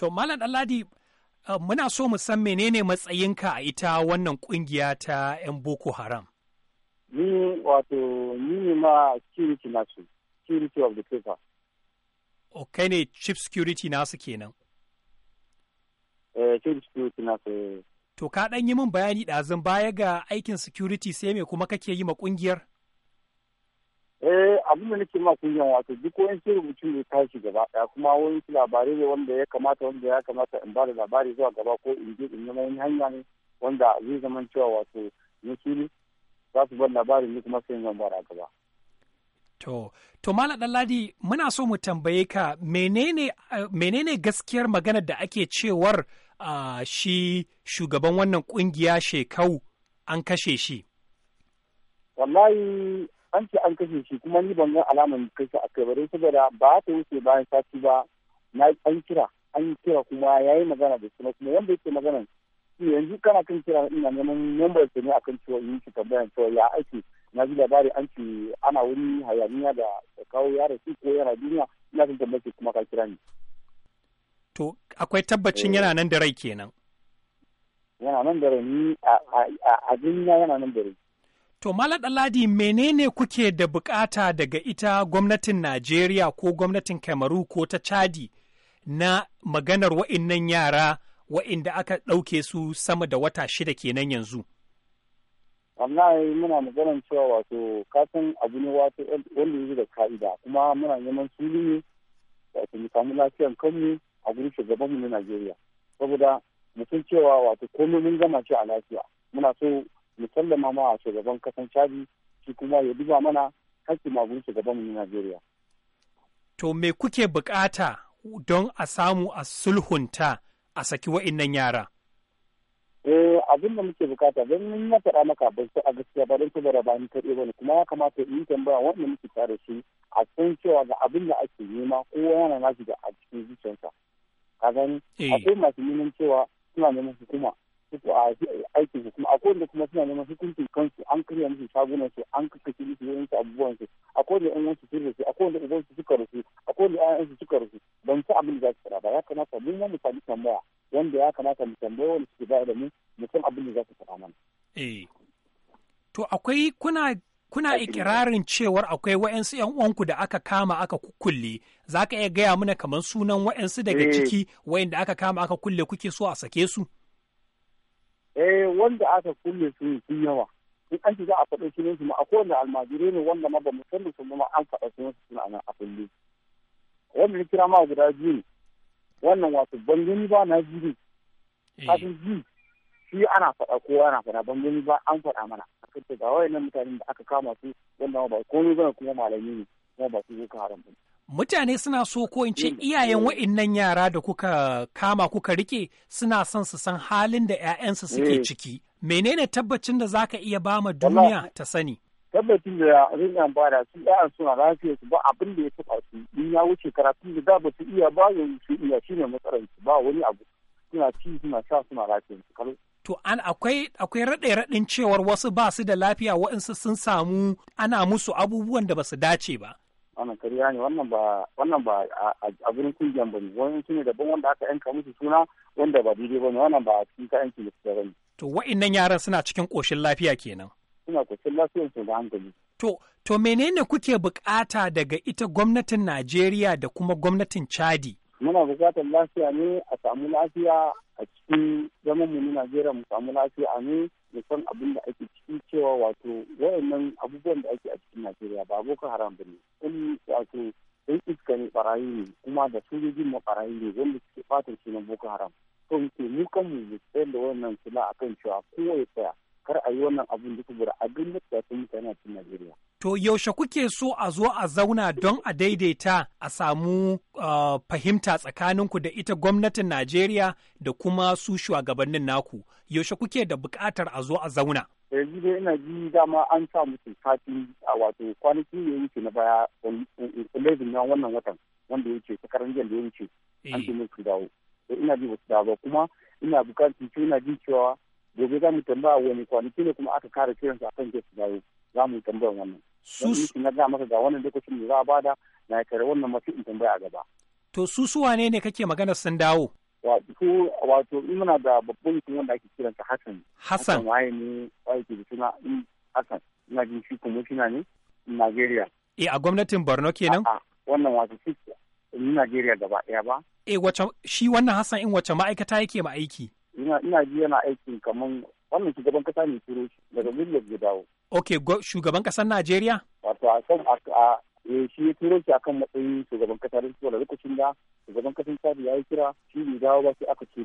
To Malam Alladi eh, muna so mu san menene matsayinka a ita wannan kungiya ta 'yan Boko Haram. Ni wato ni ne ma security nasu, security of the paper. Ok oh, ne chief security nasu kenan. Eh, chief security nasu. Eh. To ka ɗan yi min bayani ɗazun baya ga aikin security sai me kuma kake yi ma ƙungiyar? eh abin da nake ma kunyan wato duk wani rubutu ne tashi gaba ɗaya kuma wani labarai ne wanda ya kamata wanda ya kamata in ba da labari zuwa gaba ko in je in yi hanya ne wanda zai zama cewa wato ni su za su bar labarin ni kuma sai in zama gaba To, to Mala Ɗanladi muna so mu tambaye ka menene, eh, menene gaskiyar maganar da ake cewar ah, shi shugaban wannan ƙungiya shekau an kashe shi? Wallahi an ce an kashe shi kuma ni ban ga kai kashe a kai ba don saboda ba ta wuce bayan sati ba na an kira an kira kuma ya yi magana da su kuma yanda yake magana shi yanzu kana kan kira ina neman member ta ne akan cewa yin shi tambayan cewa ya ake na ji labari an ce ana wani hayaniya da kawo yara shi ko yana duniya ina kan tambayar kuma ka kira ni. To akwai tabbacin yana nan da rai kenan. Yana nan da rai ni a duniya yana nan da rai. To Malam Ladi menene kuke da bukata daga ita gwamnatin Najeriya ko gwamnatin Kamaru ko ta Chadi na maganar wa'innan yara wa'inda aka ɗauke su sama da wata shida kenan yanzu? wallahi muna maganar cewa wato kasan abu ne wato wanda yanzu da ka'ida kuma muna neman sulu ne wato mu samu lafiyan kanmu a gurin shugabanmu na Najeriya saboda mutum cewa wato komai mun gama shi a lafiya muna so mu sallama ma shugaban kasan chadi shi kuma ya duba mana haƙƙi magun shugaban mu na najeriya to me kuke bukata don a samu a sulhunta a saki wa'innan yara eh abin da muke bukata don mun na faɗa maka bai a gaskiya ba don saboda ba ni karɓe ba kuma ya kamata in tambaya wanda muke tare su a san cewa ga abin da ake nema kowa yana nashi da a cikin zuciyarsa ka gani eh. akwai masu neman cewa suna neman hukuma suka a aikin su kuma kuma suna neman hukuncin kansu an karya musu shagunan su an kakkace musu yawan su abubuwan su akwai wanda yan wasu sun rasu a wanda uban su suka rasu a wanda ƴaƴan su suka rasu ban san abin da za su fara ba ya kamata mun mu sami tambaya wanda ya kamata mu tambaya wanda suke ba da mu mu san abin da za su fara mana. eh to akwai kuna kuna ikirarin cewar akwai wa'yansu 'yan uwanku da aka kama aka kukulle za ka iya gaya mana kamar sunan wa'yansu daga eh. ciki wa'yanda aka kama aka kulle kuke so a sake su? eh wanda aka kulle su sun yawa in an za a faɗin sunan su ma a kowane almajirai ne wanda ma ba mu san su ma an faɗa sunan su suna nan a kulle wanda ni kira ma guda biyu ne wannan wasu ban ba na jiri ne eh. kafin ji shi ana faɗa kowa ana faɗa ban ba an faɗa mana akan ta ga wayannan mutanen da aka kama su wanda ba komai ba kuma malami ne kuma ba su zo ka haram ba mutane suna so ko in ce mm. iyayen wa'innan yara da kuka kama kuka rike suna son su san halin da 'ya'yansu suke mm. ciki menene tabbacin da zaka iya ba ma duniya ta sani tabbacin da rinyan ba da su yaran suna lafiya su ba abin da ya taɓa su in ya wuce karatu da da ba su iya ba yanzu su iya shine matsalar su ba wani abu suna ci suna sha suna lafiya su kalu to an akwai akwai raɗe raɗin cewar wasu ba su da lafiya waɗansu sun samu ana musu abubuwan da ba su dace ba wannan kariya ne wannan ba wannan ba a gurin kungiyan ba ne wani sune ne daban wanda aka yanka musu suna wanda ba daidai ba ne wannan ba a cikin ka yanki da suka gani. to wa'innan yaran suna cikin koshin lafiya kenan. suna koshin lafiya su da hankali. to to menene kuke bukata daga ita gwamnatin najeriya da kuma gwamnatin chadi muna bukatar lafiya ne a samu lafiya a cikin mu na najeriya mu samu lafiya ne mu san abin da ake ciki cewa wato wayannan abubuwan da ake a cikin najeriya ba boko haram ba ne kun wato sun iska ne barayi ne kuma da sojojin mu barayi ne wanda suke fatan na boko haram to ke mu kanmu mu tsayar da wannan sula akan cewa kowa ya tsaya kar a yi wannan abun duk bura a duk mutane a cikin najeriya To yaushe kuke so a zo a zauna don a daidaita a samu uh, fahimta tsakaninku da ita gwamnatin Najeriya da kuma su shugabannin naku. Yaushe kuke da bukatar a zo a zauna? yanzu eh, dai ina ji dama an sa musu sati a wato kwanaki ya wuce na baya ulezin na wannan watan wanda ya wuce sakarar jiya da ya wuce an ce eh. musu dawo eh, ina ji wasu dawo kuma ina bukatar ina ji cewa gobe za mu tambaya wani kwanaki ne kuma aka kare kiransa akan ke su dawo za mu tambaya wannan su su na ga maka ga wannan lokacin da za a bada na kare wannan masu in tambaya a gaba to su su wane ne kake magana sun dawo wato in muna da babban mutum wanda ake kiransa Hassan Hassan waye ne waye ke da suna Hassan ina jin shi kuma shi ne in Najeriya E, eh, a gwamnatin Borno kenan wannan wato shi Najeriya gaba ɗaya ba E wace shi wannan Hassan in wace ma'aikata yake ma aiki ina ji yana aikin kaman wannan shugaban kasa ne turo shi daga William ya dawo. Ok, shugaban kasar Najeriya? Wato a kan a e, shi ya turo shi akan matsayin shugaban kasa da su lokacin da shugaban kasar Sadi ya yi kira shi ne dawo ba sai aka ce